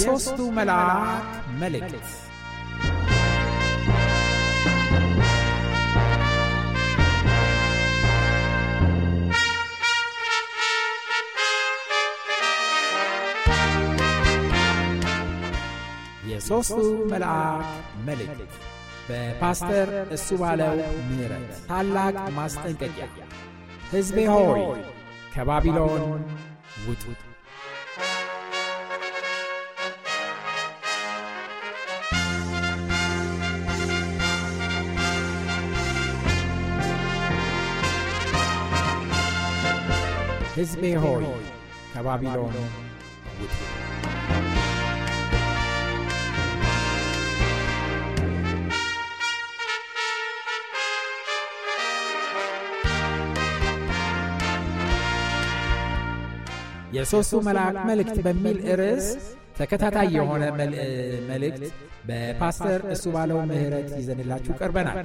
የሦስቱ መልአክ መልእክት የሦስቱ መልአክ መልእክት በፓስተር እሱ ባለው ምሕረት ታላቅ ማስጠንቀቂያ ሕዝቤ ሆይ ከባቢሎን ውጡ ሕዝቤ ሆይ ከባቢሎን የሦስቱ መልአክ መልእክት በሚል ርዕስ ተከታታይ የሆነ መልእክት በፓስተር እሱ ባለው ምህረት ይዘንላችሁ ቀርበናል።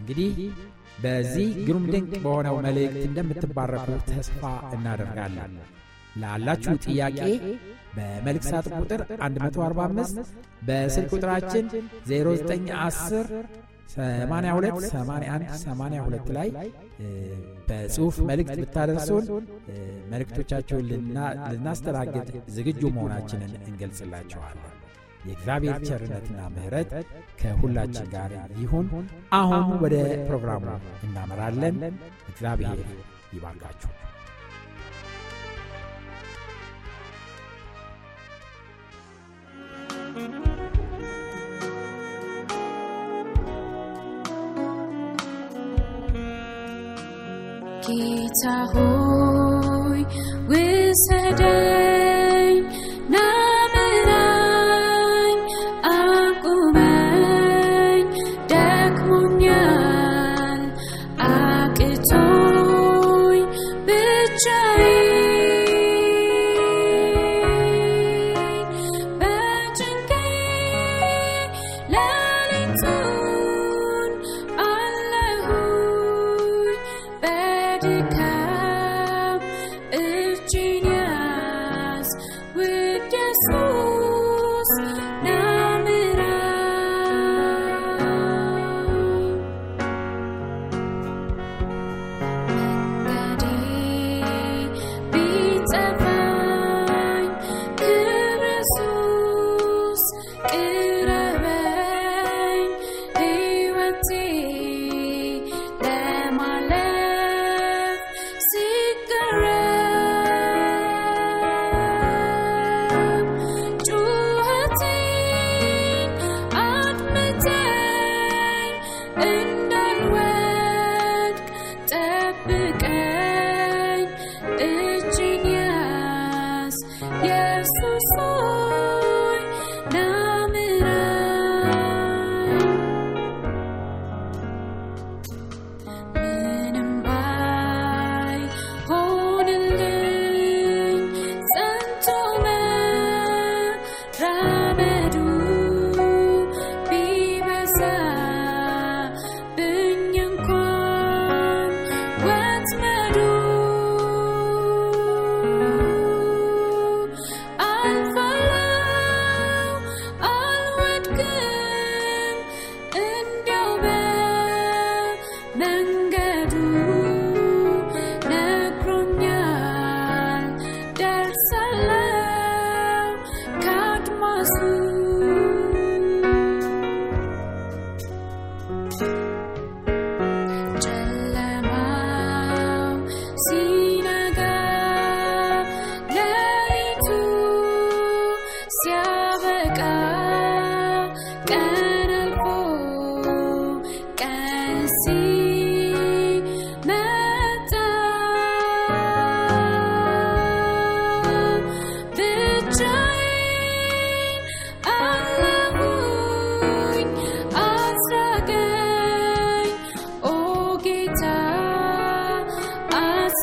እንግዲህ በዚህ ግሩም ድንቅ በሆነው መልእክት እንደምትባረኩ ተስፋ እናደርጋለን። ላላችሁ ጥያቄ በመልእክት ሳጥን ቁጥር 145 በስልክ ቁጥራችን 0910 82 81 82 ላይ በጽሁፍ መልእክት ብታደርሱን መልእክቶቻቸውን ልናስተናግድ ዝግጁ መሆናችንን እንገልጽላችኋለን። የእግዚአብሔር ቸርነትና ምሕረት ከሁላችን ጋር ይሁን። አሁን ወደ ፕሮግራሙ እናመራለን። እግዚአብሔር ይባርካችሁ። ጌታ ሆይ ውሰደን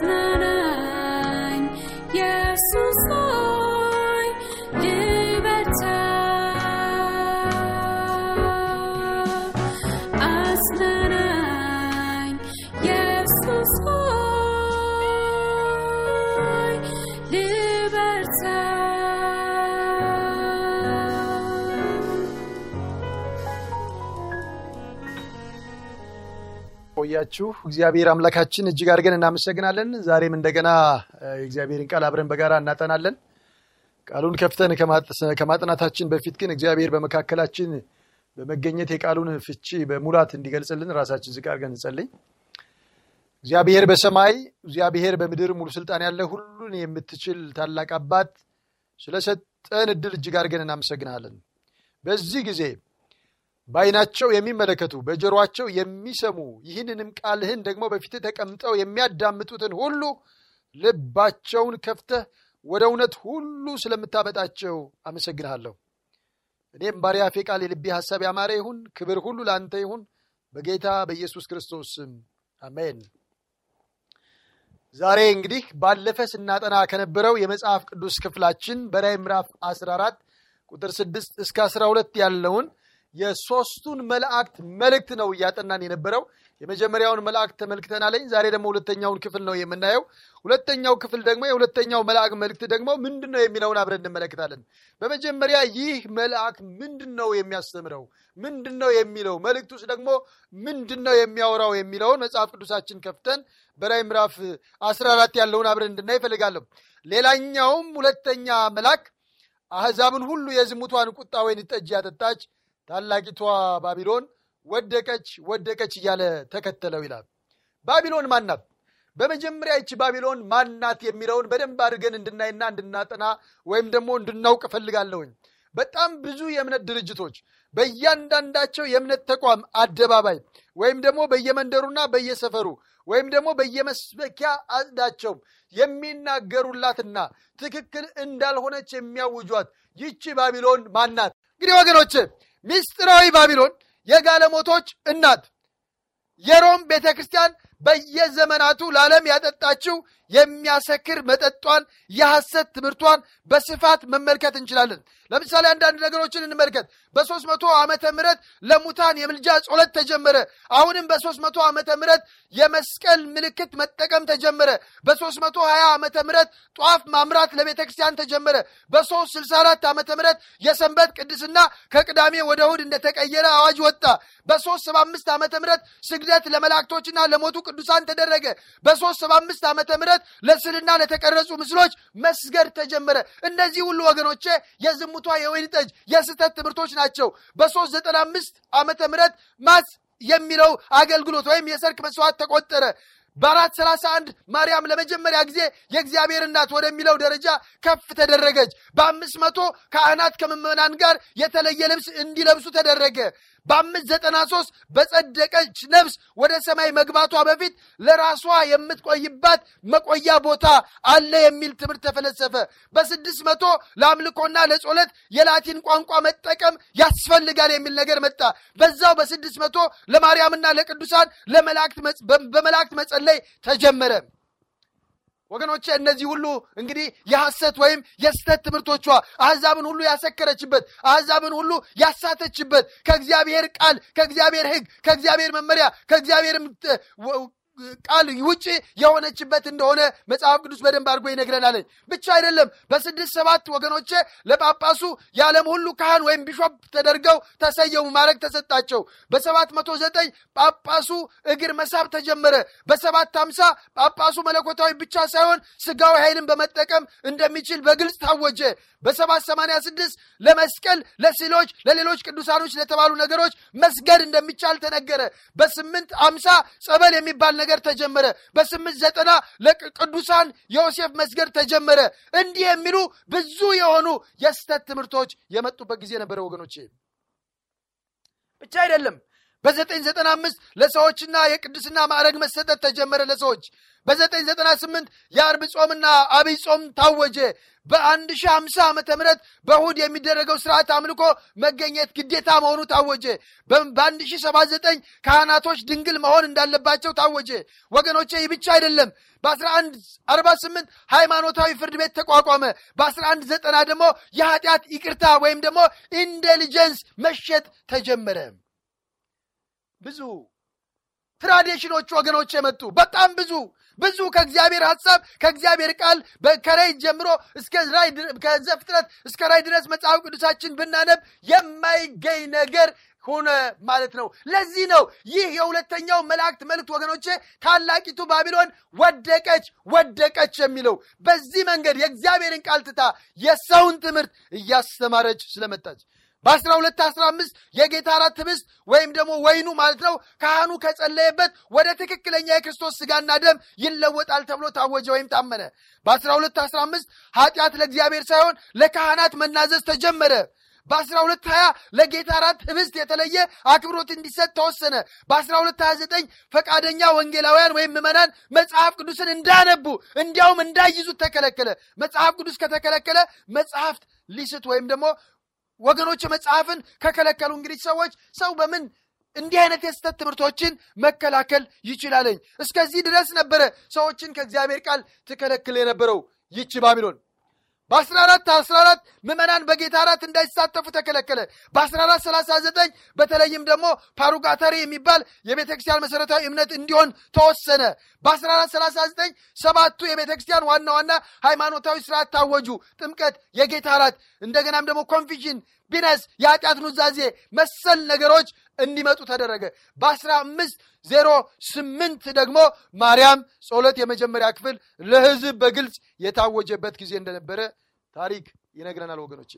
not a ያቆያችሁ። እግዚአብሔር አምላካችን እጅግ አድርገን እናመሰግናለን። ዛሬም እንደገና የእግዚአብሔርን ቃል አብረን በጋራ እናጠናለን። ቃሉን ከፍተን ከማጥናታችን በፊት ግን እግዚአብሔር በመካከላችን በመገኘት የቃሉን ፍቺ በሙላት እንዲገልጽልን ራሳችን ዝቅ አድርገን እንጸልይ። እግዚአብሔር በሰማይ እግዚአብሔር በምድር ሙሉ ስልጣን ያለ ሁሉን የምትችል ታላቅ አባት ስለሰጠን እድል እጅግ አድርገን እናመሰግናለን። በዚህ ጊዜ በዓይናቸው የሚመለከቱ በጆሮአቸው የሚሰሙ ይህንንም ቃልህን ደግሞ በፊትህ ተቀምጠው የሚያዳምጡትን ሁሉ ልባቸውን ከፍተህ ወደ እውነት ሁሉ ስለምታመጣቸው አመሰግንሃለሁ። እኔም ባሪያፌ ቃል የልቤ ሐሳብ ያማረ ይሁን። ክብር ሁሉ ለአንተ ይሁን፣ በጌታ በኢየሱስ ክርስቶስ ስም አሜን። ዛሬ እንግዲህ ባለፈ ስናጠና ከነበረው የመጽሐፍ ቅዱስ ክፍላችን በራዕይ ምዕራፍ 14 ቁጥር 6 እስከ 12 ያለውን የሶስቱን መላእክት መልእክት ነው እያጠናን የነበረው። የመጀመሪያውን መላእክት ተመልክተናለኝ። ዛሬ ደግሞ ሁለተኛውን ክፍል ነው የምናየው። ሁለተኛው ክፍል ደግሞ የሁለተኛው መልአክ መልእክት ደግሞ ምንድን ነው የሚለውን አብረን እንመለከታለን። በመጀመሪያ ይህ መልአክ ምንድን ነው የሚያስተምረው፣ ምንድን ነው የሚለው፣ ውስጥ ደግሞ ምንድን ነው የሚያወራው የሚለውን መጽሐፍ ቅዱሳችን ከፍተን በራይ ምዕራፍ 14 ያለውን አብረን እንድና ይፈልጋለሁ ሌላኛውም ሁለተኛ መልአክ አህዛብን ሁሉ የዝሙቷን ቁጣ ወይን ጠጅ ያጠጣች ታላቂቷ ባቢሎን ወደቀች ወደቀች እያለ ተከተለው ይላል። ባቢሎን ማናት? በመጀመሪያ ይቺ ባቢሎን ማናት የሚለውን በደንብ አድርገን እንድናይና እንድናጠና ወይም ደግሞ እንድናውቅ እፈልጋለሁኝ። በጣም ብዙ የእምነት ድርጅቶች በእያንዳንዳቸው የእምነት ተቋም አደባባይ ወይም ደግሞ በየመንደሩና በየሰፈሩ ወይም ደግሞ በየመስበኪያ አጽዳቸው የሚናገሩላትና ትክክል እንዳልሆነች የሚያውጇት ይቺ ባቢሎን ማናት? እንግዲህ ወገኖች ምስጢራዊ ባቢሎን የጋለሞቶች እናት የሮም ቤተ ክርስቲያን በየዘመናቱ ለዓለም ያጠጣችው የሚያሰክር መጠጧን፣ የሐሰት ትምህርቷን በስፋት መመልከት እንችላለን። ለምሳሌ አንዳንድ ነገሮችን እንመልከት። በሶስት መቶ ዓመተ ምህረት ለሙታን የምልጃ ጸሎት ተጀመረ። አሁንም በሶስት መቶ ዓመተ ምረት የመስቀል ምልክት መጠቀም ተጀመረ። በሶስት መቶ ሀያ ዓመተ ምረት ጧፍ ማምራት ለቤተ ክርስቲያን ተጀመረ። በሶስት ስልሳ አራት ዓመተ ምረት የሰንበት ቅድስና ከቅዳሜ ወደ እሁድ እንደተቀየረ አዋጅ ወጣ። በሶስት ሰባ አምስት ዓመተ ምረት ስግደት ለመላእክቶችና ለሞቱ ቅዱሳን ተደረገ። በሶስት ሰባ አምስት ዓመተ ምህረት ለስዕልና ለተቀረጹ ምስሎች መስገድ ተጀመረ። እነዚህ ሁሉ ወገኖቼ የዝሙቷ የወይን ጠጅ የስህተት ትምህርቶች ናቸው። በሶስት ዘጠና አምስት ዓመተ ምህረት ማስ የሚለው አገልግሎት ወይም የሰርክ መስዋዕት ተቆጠረ። በአራት ሰላሳ አንድ ማርያም ለመጀመሪያ ጊዜ የእግዚአብሔር እናት ወደሚለው ደረጃ ከፍ ተደረገች። በአምስት መቶ ካህናት ከምዕመናን ጋር የተለየ ልብስ እንዲለብሱ ተደረገ። በአምስት ዘጠና ሶስት በጸደቀች ነፍስ ወደ ሰማይ መግባቷ በፊት ለራሷ የምትቆይባት መቆያ ቦታ አለ የሚል ትምህርት ተፈለሰፈ። በስድስት መቶ ለአምልኮና ለጸሎት የላቲን ቋንቋ መጠቀም ያስፈልጋል የሚል ነገር መጣ። በዛው በስድስት መቶ ለማርያምና ለቅዱሳን በመላእክት መጸለይ ተጀመረ። ወገኖቼ እነዚህ ሁሉ እንግዲህ የሐሰት ወይም የስተት ትምህርቶቿ አሕዛብን ሁሉ ያሰከረችበት፣ አሕዛብን ሁሉ ያሳተችበት ከእግዚአብሔር ቃል ከእግዚአብሔር ሕግ ከእግዚአብሔር መመሪያ ከእግዚአብሔር ቃል ውጭ የሆነችበት እንደሆነ መጽሐፍ ቅዱስ በደንብ አድርጎ ይነግረናል። ብቻ አይደለም በስድስት ሰባት ወገኖቼ ለጳጳሱ የዓለም ሁሉ ካህን ወይም ቢሾፕ ተደርገው ተሰየሙ፣ ማድረግ ተሰጣቸው። በሰባት መቶ ዘጠኝ ጳጳሱ እግር መሳብ ተጀመረ። በሰባት ሀምሳ ጳጳሱ መለኮታዊ ብቻ ሳይሆን ስጋዊ ኃይልን በመጠቀም እንደሚችል በግልጽ ታወጀ። በሰባት ሰማንያ ስድስት ለመስቀል ለስዕሎች፣ ለሌሎች ቅዱሳኖች ለተባሉ ነገሮች መስገድ እንደሚቻል ተነገረ። በስምንት ሀምሳ ጸበል የሚባል ነገር ነገር ተጀመረ። በስምንት ዘጠና ለቅዱሳን የዮሴፍ መስገድ ተጀመረ። እንዲህ የሚሉ ብዙ የሆኑ የስተት ትምህርቶች የመጡበት ጊዜ ነበረ ወገኖቼ። ብቻ አይደለም በዘጠኝ ዘጠና አምስት ለሰዎችና የቅድስና ማዕረግ መሰጠት ተጀመረ ለሰዎች። በዘጠኝ ዘጠና ስምንት የአርብ ጾምና አብይ ጾም ታወጀ። በአንድ ሺህ ሃምሳ ዓመተ ምህረት በእሁድ የሚደረገው ስርዓት አምልኮ መገኘት ግዴታ መሆኑ ታወጀ። በአንድ ሺህ ሰባ ዘጠኝ ካህናቶች ድንግል መሆን እንዳለባቸው ታወጀ። ወገኖቼ ይህ ብቻ አይደለም። በ1148 ሃይማኖታዊ ፍርድ ቤት ተቋቋመ። በ1190 ደግሞ የኃጢአት ይቅርታ ወይም ደግሞ ኢንቴሊጀንስ መሸጥ ተጀመረ። ብዙ ትራዲሽኖች ወገኖች የመጡ በጣም ብዙ ብዙ ከእግዚአብሔር ሀሳብ ከእግዚአብሔር ቃል ከራይ ጀምሮ ከዘፍጥረት እስከ ራይ ድረስ መጽሐፍ ቅዱሳችን ብናነብ የማይገኝ ነገር ሆነ ማለት ነው። ለዚህ ነው ይህ የሁለተኛው መላእክት መልእክት ወገኖቼ፣ ታላቂቱ ባቢሎን ወደቀች ወደቀች የሚለው በዚህ መንገድ የእግዚአብሔርን ቃል ትታ የሰውን ትምህርት እያስተማረች ስለመጣች በ 1215 የጌታ አራት ህብስት ወይም ደግሞ ወይኑ ማለት ነው ካህኑ ከጸለየበት ወደ ትክክለኛ የክርስቶስ ስጋና ደም ይለወጣል ተብሎ ታወጀ ወይም ታመነ። በ በ1215 ኃጢአት ለእግዚአብሔር ሳይሆን ለካህናት መናዘዝ ተጀመረ። በ በ1220 ለጌታ አራት ህብስት የተለየ አክብሮት እንዲሰጥ ተወሰነ። በ በ1229 ፈቃደኛ ወንጌላውያን ወይም ምዕመናን መጽሐፍ ቅዱስን እንዳነቡ እንዲያውም እንዳይዙት ተከለከለ። መጽሐፍ ቅዱስ ከተከለከለ መጽሐፍት ሊስት ወይም ደግሞ ወገኖች መጽሐፍን ከከለከሉ እንግዲህ ሰዎች ሰው በምን እንዲህ አይነት የስተት ትምህርቶችን መከላከል ይችላለኝ? እስከዚህ ድረስ ነበረ ሰዎችን ከእግዚአብሔር ቃል ትከለክል የነበረው ይቺ ባቢሎን። በአስራ አራት አስራ አራት ምዕመናን በጌታ አራት እንዳይሳተፉ ተከለከለ። በአስራ አራት ሰላሳ ዘጠኝ በተለይም ደግሞ ፓሩጋተሪ የሚባል የቤተ ክርስቲያን መሠረታዊ እምነት እንዲሆን ተወሰነ። በአስራ አራት ሰላሳ ዘጠኝ ሰባቱ የቤተ ክርስቲያን ዋና ዋና ሃይማኖታዊ ስርዓት ታወጁ። ጥምቀት፣ የጌታ አራት እንደገናም ደግሞ ኮንፊሽን፣ ቢነስ፣ የኃጢአት ኑዛዜ መሰል ነገሮች እንዲመጡ ተደረገ። በ1508 ደግሞ ማርያም ጸሎት የመጀመሪያ ክፍል ለህዝብ በግልጽ የታወጀበት ጊዜ እንደነበረ ታሪክ ይነግረናል። ወገኖች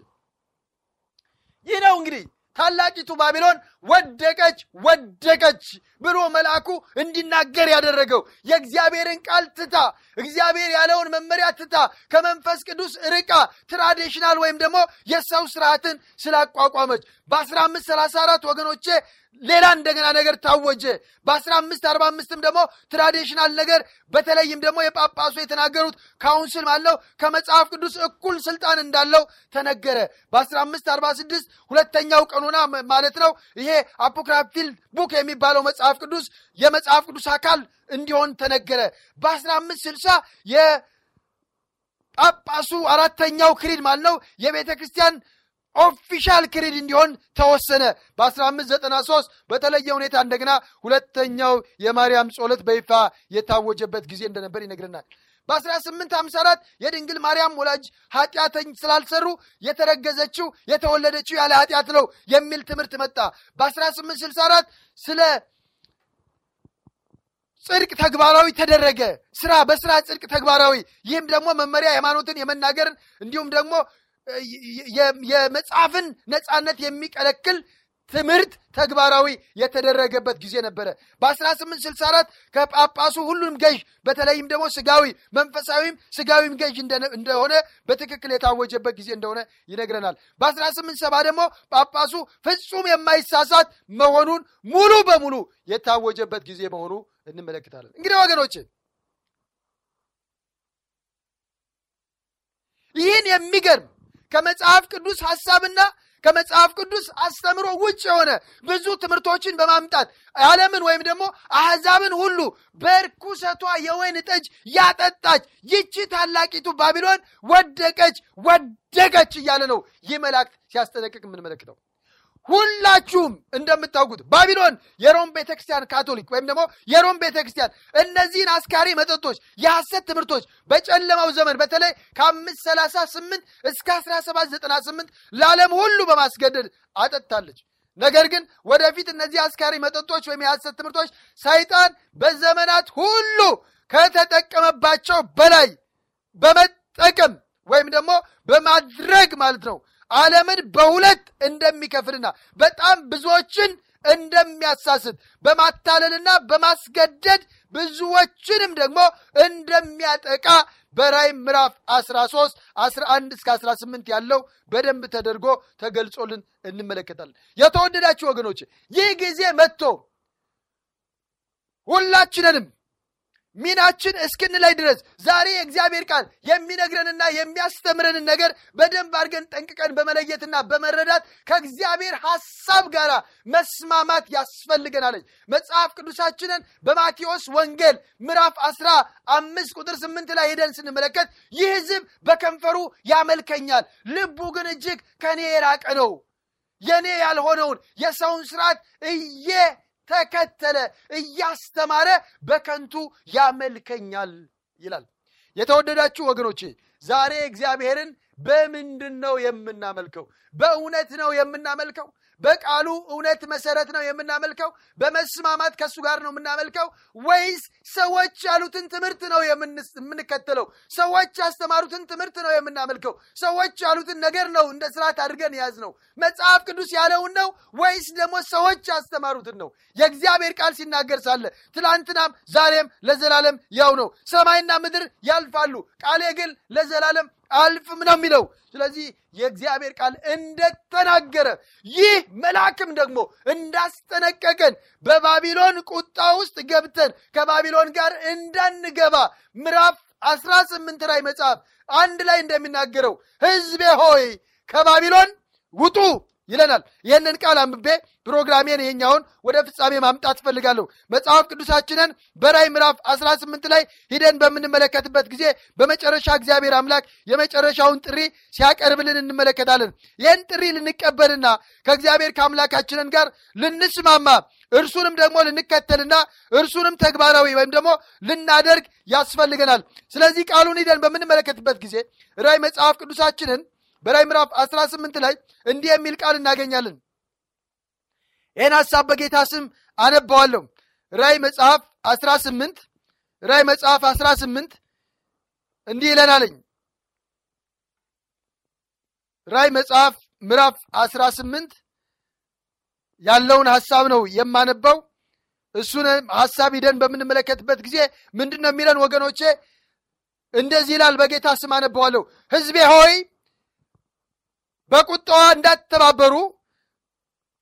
ይህ ነው እንግዲህ ታላቂቱ ባቢሎን ወደቀች ወደቀች ብሎ መልአኩ እንዲናገር ያደረገው የእግዚአብሔርን ቃል ትታ እግዚአብሔር ያለውን መመሪያ ትታ ከመንፈስ ቅዱስ ርቃ ትራዲሽናል ወይም ደግሞ የሰው ስርዓትን ስላቋቋመች በ1534 ወገኖቼ ሌላ እንደገና ነገር ታወጀ። በአስራ አምስት አርባ አምስትም ደግሞ ትራዲሽናል ነገር በተለይም ደግሞ የጳጳሱ የተናገሩት ካውንስል አለው ከመጽሐፍ ቅዱስ እኩል ስልጣን እንዳለው ተነገረ። በአስራ አምስት አርባ ስድስት ሁለተኛው ቀኑና ማለት ነው ይሄ አፖክራፕቲል ቡክ የሚባለው መጽሐፍ ቅዱስ የመጽሐፍ ቅዱስ አካል እንዲሆን ተነገረ። በአስራ አምስት ስልሳ የጳጳሱ አራተኛው ክሪድ ማለት ነው የቤተ ክርስቲያን ኦፊሻል ክሪድ እንዲሆን ተወሰነ። በ1593 በተለየ ሁኔታ እንደገና ሁለተኛው የማርያም ጸሎት በይፋ የታወጀበት ጊዜ እንደነበር ይነግረናል። በ1854 የድንግል ማርያም ወላጅ ኃጢአተኝ ስላልሰሩ የተረገዘችው የተወለደችው ያለ ኃጢአት ነው የሚል ትምህርት መጣ። በ1864 ስለ ጽድቅ ተግባራዊ ተደረገ። ስራ በስራ ጽድቅ ተግባራዊ። ይህም ደግሞ መመሪያ ሃይማኖትን የመናገርን እንዲሁም ደግሞ የመጽሐፍን ነፃነት የሚቀለክል ትምህርት ተግባራዊ የተደረገበት ጊዜ ነበረ። በ1864 ከጳጳሱ ሁሉንም ገዥ በተለይም ደግሞ ስጋዊ መንፈሳዊም ስጋዊም ገዥ እንደሆነ በትክክል የታወጀበት ጊዜ እንደሆነ ይነግረናል። በ1870 ደግሞ ጳጳሱ ፍጹም የማይሳሳት መሆኑን ሙሉ በሙሉ የታወጀበት ጊዜ መሆኑ እንመለከታለን። እንግዲህ ወገኖችን ይህን የሚገርም ከመጽሐፍ ቅዱስ ሐሳብና ከመጽሐፍ ቅዱስ አስተምሮ ውጭ የሆነ ብዙ ትምህርቶችን በማምጣት ዓለምን ወይም ደግሞ አሕዛብን ሁሉ በርኩሰቷ የወይን ጠጅ ያጠጣች ይቺ ታላቂቱ ባቢሎን ወደቀች፣ ወደቀች እያለ ነው ይህ መላእክት ሲያስጠነቅቅ የምንመለክተው። ሁላችሁም እንደምታውቁት ባቢሎን የሮም ቤተክርስቲያን ካቶሊክ ወይም ደግሞ የሮም ቤተክርስቲያን እነዚህን አስካሪ መጠጦች፣ የሐሰት ትምህርቶች በጨለማው ዘመን በተለይ ከአምስት ሰላሳ ስምንት እስከ አስራ ሰባት ዘጠና ስምንት ለዓለም ሁሉ በማስገደድ አጠጥታለች። ነገር ግን ወደፊት እነዚህ አስካሪ መጠጦች ወይም የሐሰት ትምህርቶች ሰይጣን በዘመናት ሁሉ ከተጠቀመባቸው በላይ በመጠቀም ወይም ደግሞ በማድረግ ማለት ነው ዓለምን በሁለት እንደሚከፍልና በጣም ብዙዎችን እንደሚያሳስት በማታለልና በማስገደድ ብዙዎችንም ደግሞ እንደሚያጠቃ በራይ ምዕራፍ 13 11 እስከ 18 ያለው በደንብ ተደርጎ ተገልጾልን እንመለከታለን። የተወደዳችሁ ወገኖች ይህ ጊዜ መጥቶ ሁላችንንም ሚናችን እስክንለይ ድረስ ዛሬ የእግዚአብሔር ቃል የሚነግረንና የሚያስተምረንን ነገር በደንብ አድርገን ጠንቅቀን በመለየትና በመረዳት ከእግዚአብሔር ሐሳብ ጋር መስማማት ያስፈልገናለች። መጽሐፍ ቅዱሳችንን በማቴዎስ ወንጌል ምዕራፍ አስራ አምስት ቁጥር ስምንት ላይ ሄደን ስንመለከት ይህ ሕዝብ በከንፈሩ ያመልከኛል፣ ልቡ ግን እጅግ ከእኔ የራቀ ነው የእኔ ያልሆነውን የሰውን ስርዓት እየ ተከተለ፣ እያስተማረ በከንቱ ያመልከኛል ይላል። የተወደዳችሁ ወገኖቼ ዛሬ እግዚአብሔርን በምንድን ነው የምናመልከው? በእውነት ነው የምናመልከው? በቃሉ እውነት መሰረት ነው የምናመልከው? በመስማማት ከእሱ ጋር ነው የምናመልከው? ወይስ ሰዎች ያሉትን ትምህርት ነው የምንከተለው? ሰዎች ያስተማሩትን ትምህርት ነው የምናመልከው? ሰዎች ያሉትን ነገር ነው እንደ ስርዓት አድርገን ያዝ ነው? መጽሐፍ ቅዱስ ያለውን ነው ወይስ ደግሞ ሰዎች ያስተማሩትን ነው? የእግዚአብሔር ቃል ሲናገር ሳለ ትላንትናም ዛሬም ለዘላለም ያው ነው። ሰማይና ምድር ያልፋሉ፣ ቃሌ ግን ለዘላለም አልፍም ነው የሚለው። ስለዚህ የእግዚአብሔር ቃል እንደተናገረ ይህ መልአክም ደግሞ እንዳስጠነቀቀን በባቢሎን ቁጣ ውስጥ ገብተን ከባቢሎን ጋር እንዳንገባ ምዕራፍ አስራ ስምንት ላይ መጽሐፍ አንድ ላይ እንደሚናገረው ሕዝቤ ሆይ ከባቢሎን ውጡ ይለናል። ይህንን ቃል አንብቤ ፕሮግራሜን ይሄኛውን ወደ ፍጻሜ ማምጣት እፈልጋለሁ። መጽሐፍ ቅዱሳችንን በራይ ምዕራፍ 18 ላይ ሂደን በምንመለከትበት ጊዜ በመጨረሻ እግዚአብሔር አምላክ የመጨረሻውን ጥሪ ሲያቀርብልን እንመለከታለን። ይህን ጥሪ ልንቀበልና ከእግዚአብሔር ከአምላካችንን ጋር ልንስማማ እርሱንም ደግሞ ልንከተልና እርሱንም ተግባራዊ ወይም ደግሞ ልናደርግ ያስፈልገናል። ስለዚህ ቃሉን ሂደን በምንመለከትበት ጊዜ ራይ መጽሐፍ ቅዱሳችንን በራይ ምዕራፍ 18 ላይ እንዲህ የሚል ቃል እናገኛለን። ይህን ሐሳብ በጌታ ስም አነባዋለሁ። ራይ መጽሐፍ 18 ራይ መጽሐፍ 18 እንዲህ ይለናለኝ። ራይ መጽሐፍ ምዕራፍ 18 ያለውን ሐሳብ ነው የማነባው። እሱን ሐሳብ ሂደን በምንመለከትበት ጊዜ ምንድን ነው የሚለን ወገኖቼ? እንደዚህ ይላል። በጌታ ስም አነባዋለሁ። ህዝቤ ሆይ በቁጣዋ እንዳትተባበሩ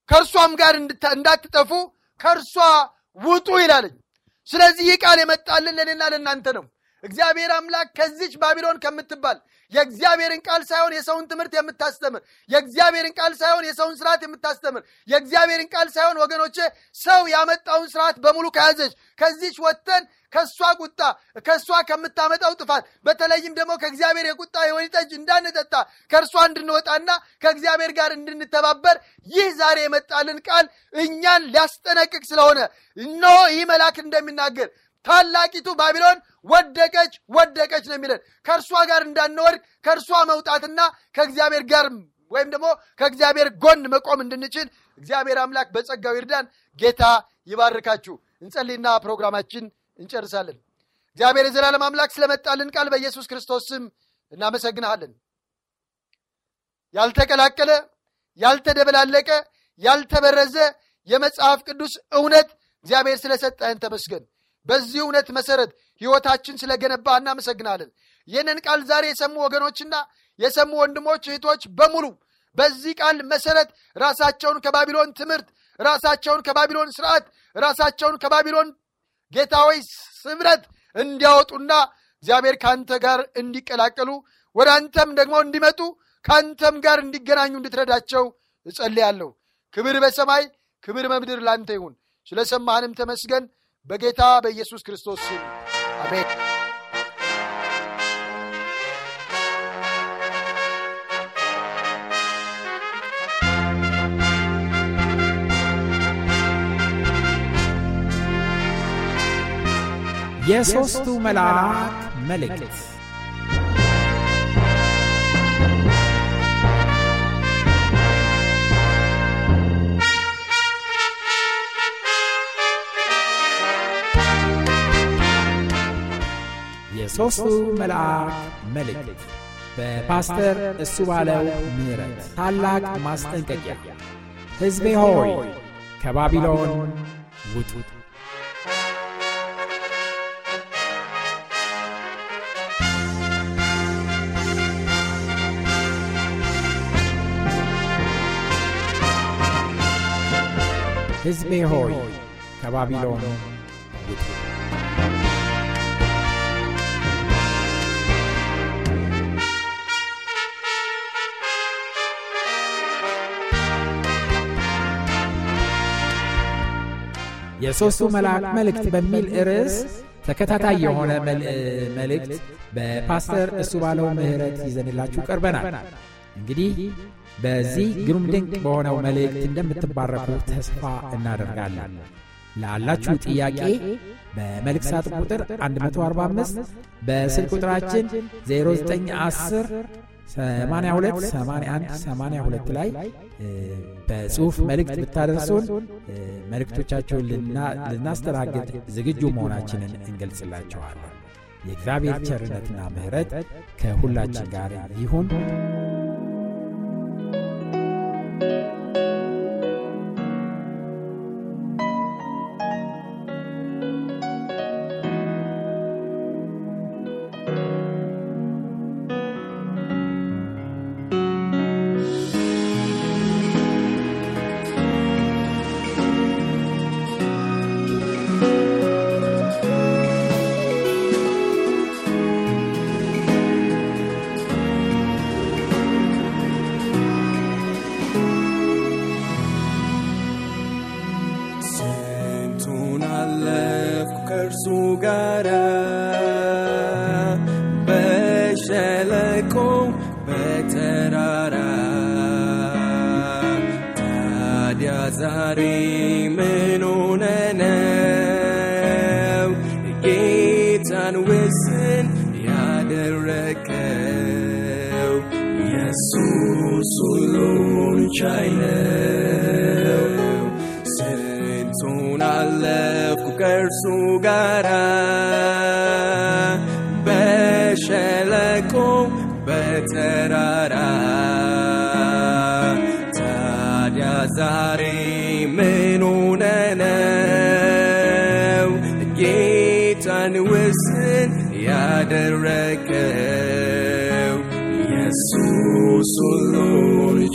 ከእርሷም ጋር እንዳትጠፉ ከእርሷ ውጡ ይላለኝ። ስለዚህ ይህ ቃል የመጣልን ለእኔና ለእናንተ ነው። እግዚአብሔር አምላክ ከዚች ባቢሎን ከምትባል የእግዚአብሔርን ቃል ሳይሆን የሰውን ትምህርት የምታስተምር፣ የእግዚአብሔርን ቃል ሳይሆን የሰውን ስርዓት የምታስተምር፣ የእግዚአብሔርን ቃል ሳይሆን ወገኖች ሰው ያመጣውን ስርዓት በሙሉ ከያዘች ከዚች ወጥተን ከእሷ ቁጣ ከእሷ ከምታመጣው ጥፋት በተለይም ደግሞ ከእግዚአብሔር የቁጣ የወይን ጠጅ እንዳንጠጣ ከእርሷ እንድንወጣና ከእግዚአብሔር ጋር እንድንተባበር ይህ ዛሬ የመጣልን ቃል እኛን ሊያስጠነቅቅ ስለሆነ እነሆ ይህ መልአክ እንደሚናገር ታላቂቱ ባቢሎን ወደቀች ወደቀች ነው የሚለን። ከእርሷ ጋር እንዳንወድ ከእርሷ መውጣትና ከእግዚአብሔር ጋር ወይም ደግሞ ከእግዚአብሔር ጎን መቆም እንድንችል እግዚአብሔር አምላክ በጸጋው ይርዳን። ጌታ ይባርካችሁ። እንጸልይና ፕሮግራማችን እንጨርሳለን። እግዚአብሔር የዘላለም አምላክ ስለመጣልን ቃል በኢየሱስ ክርስቶስ ስም እናመሰግናሃለን ያልተቀላቀለ፣ ያልተደበላለቀ፣ ያልተበረዘ የመጽሐፍ ቅዱስ እውነት እግዚአብሔር ስለሰጠህን ተመስገን። በዚህ እውነት መሰረት ህይወታችን ስለገነባ እናመሰግናለን። ይህንን ቃል ዛሬ የሰሙ ወገኖችና የሰሙ ወንድሞች እህቶች በሙሉ በዚህ ቃል መሰረት ራሳቸውን ከባቢሎን ትምህርት፣ ራሳቸውን ከባቢሎን ስርዓት፣ ራሳቸውን ከባቢሎን ጌታዊ ስብረት እንዲያወጡና እግዚአብሔር ከአንተ ጋር እንዲቀላቀሉ ወደ አንተም ደግሞ እንዲመጡ ከአንተም ጋር እንዲገናኙ እንድትረዳቸው እጸልያለሁ። ክብር በሰማይ ክብር በምድር ላንተ ይሁን። ሰማህንም ተመስገን በጌታ በኢየሱስ ክርስቶስ ስም أمين يا سوستو ملعك ملك. የሦስቱ መልአክ መልእክት በፓስተር እሱ ባለው ምረት ታላቅ ማስጠንቀቂያ ሕዝቤ ሆይ ከባቢሎን ውጡ። ሕዝቤ ሆይ ከባቢሎን ውጡ። የሦስቱ መልአክ መልእክት በሚል ርዕስ ተከታታይ የሆነ መልእክት በፓስተር እሱ ባለው ምህረት ይዘንላችሁ ቀርበናል። እንግዲህ በዚህ ግሩም ድንቅ በሆነው መልእክት እንደምትባረኩ ተስፋ እናደርጋለን። ላላችሁ ጥያቄ በመልእክት ሳጥን ቁጥር 145 በስልክ ቁጥራችን 0910 82 81 82 ላይ በጽሁፍ መልእክት ብታደርሱን መልእክቶቻቸውን ልናስተናግድ ዝግጁ መሆናችንን እንገልጽላችኋለን። የእግዚአብሔር ቸርነትና ምህረት ከሁላችን ጋር ይሁን። ሳይቆም በተራራ ታዲያ ዛሬ ምን ነው ጌታን ውስን ያደረከው ኢየሱስ ሁሉን ቻይ ነው። ስንቱን አለፍኩ ከእርሱ ጋራ que eu, Jesus, o lume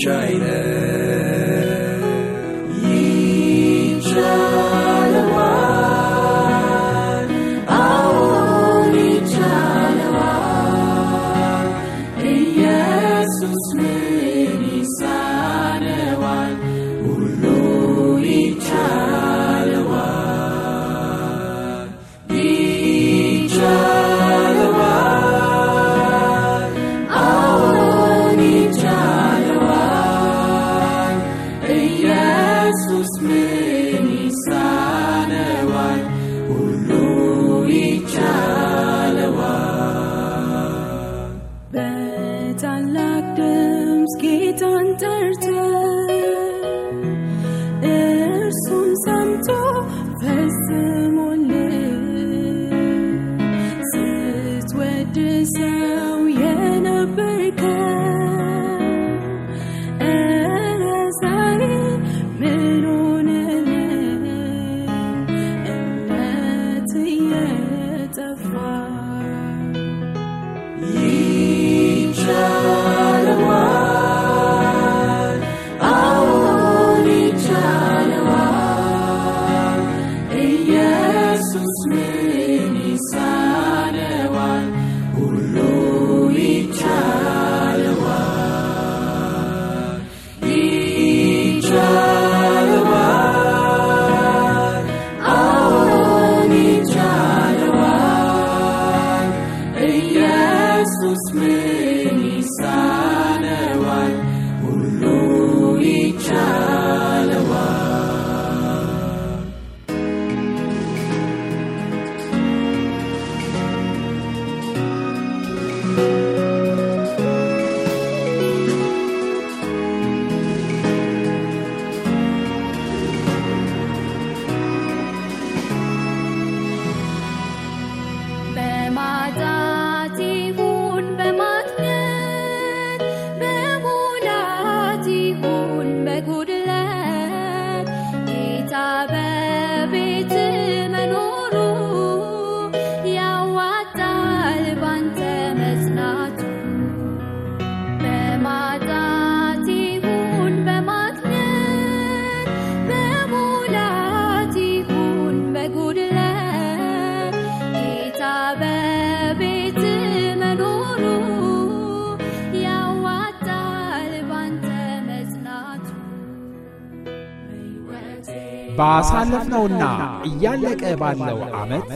ባሳለፍነውና እያለቀ ባለው ዓመት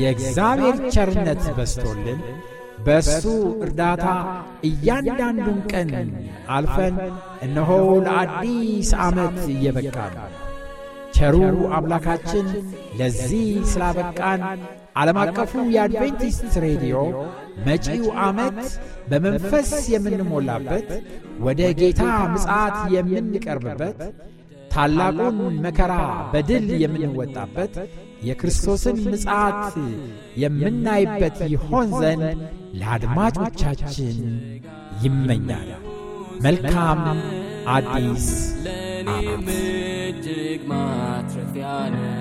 የእግዚአብሔር ቸርነት በስቶልን በእሱ እርዳታ እያንዳንዱን ቀን አልፈን እነሆ ለአዲስ ዓመት እየበቃን ቸሩ አምላካችን ለዚህ ስላበቃን ዓለም አቀፉ የአድቬንቲስት ሬዲዮ መጪው ዓመት በመንፈስ የምንሞላበት ወደ ጌታ ምጽዓት የምንቀርብበት ታላቁን መከራ በድል የምንወጣበት የክርስቶስን ምጽዓት የምናይበት ይሆን ዘንድ ለአድማጮቻችን ይመኛል። መልካም አዲስ ዓመት! ማትረፊያ ነው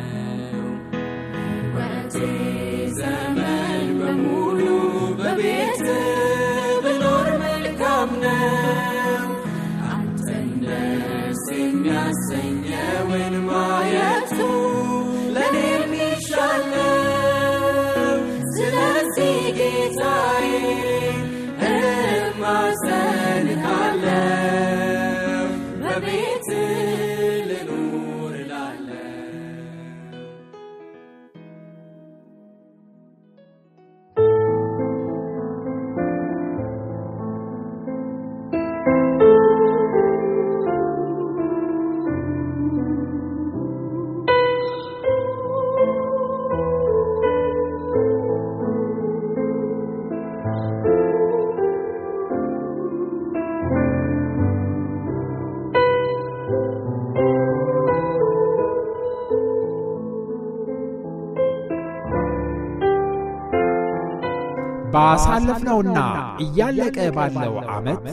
ዘመን በሙሉ በቤት ብኖር መልካም ነው። ባሳለፍነውና እያለቀ ባለው ዓመት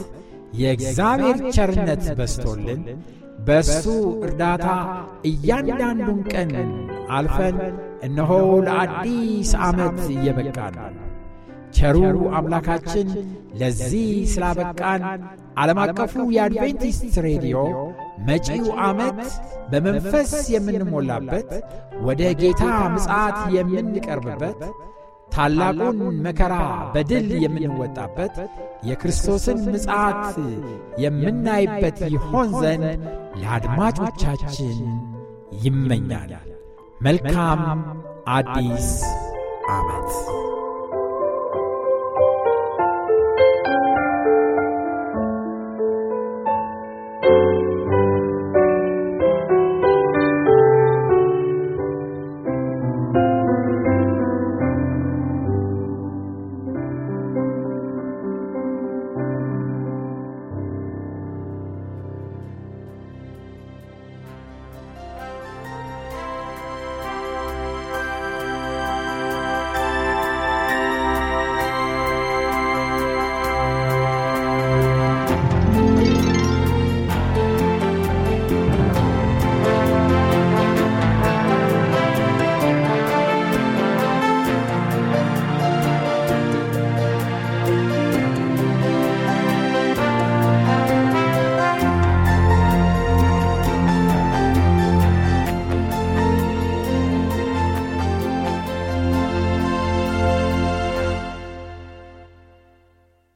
የእግዚአብሔር ቸርነት በስቶልን በእሱ እርዳታ እያንዳንዱን ቀን አልፈን እነሆ ለአዲስ ዓመት እየበቃን ቸሩ አምላካችን ለዚህ ስላበቃን ዓለም አቀፉ የአድቬንቲስት ሬዲዮ መጪው ዓመት በመንፈስ የምንሞላበት ወደ ጌታ ምጽዓት የምንቀርብበት ታላቁን መከራ በድል የምንወጣበት የክርስቶስን ምጽዓት የምናይበት ይሆን ዘንድ ለአድማጮቻችን ይመኛል። መልካም አዲስ ዓመት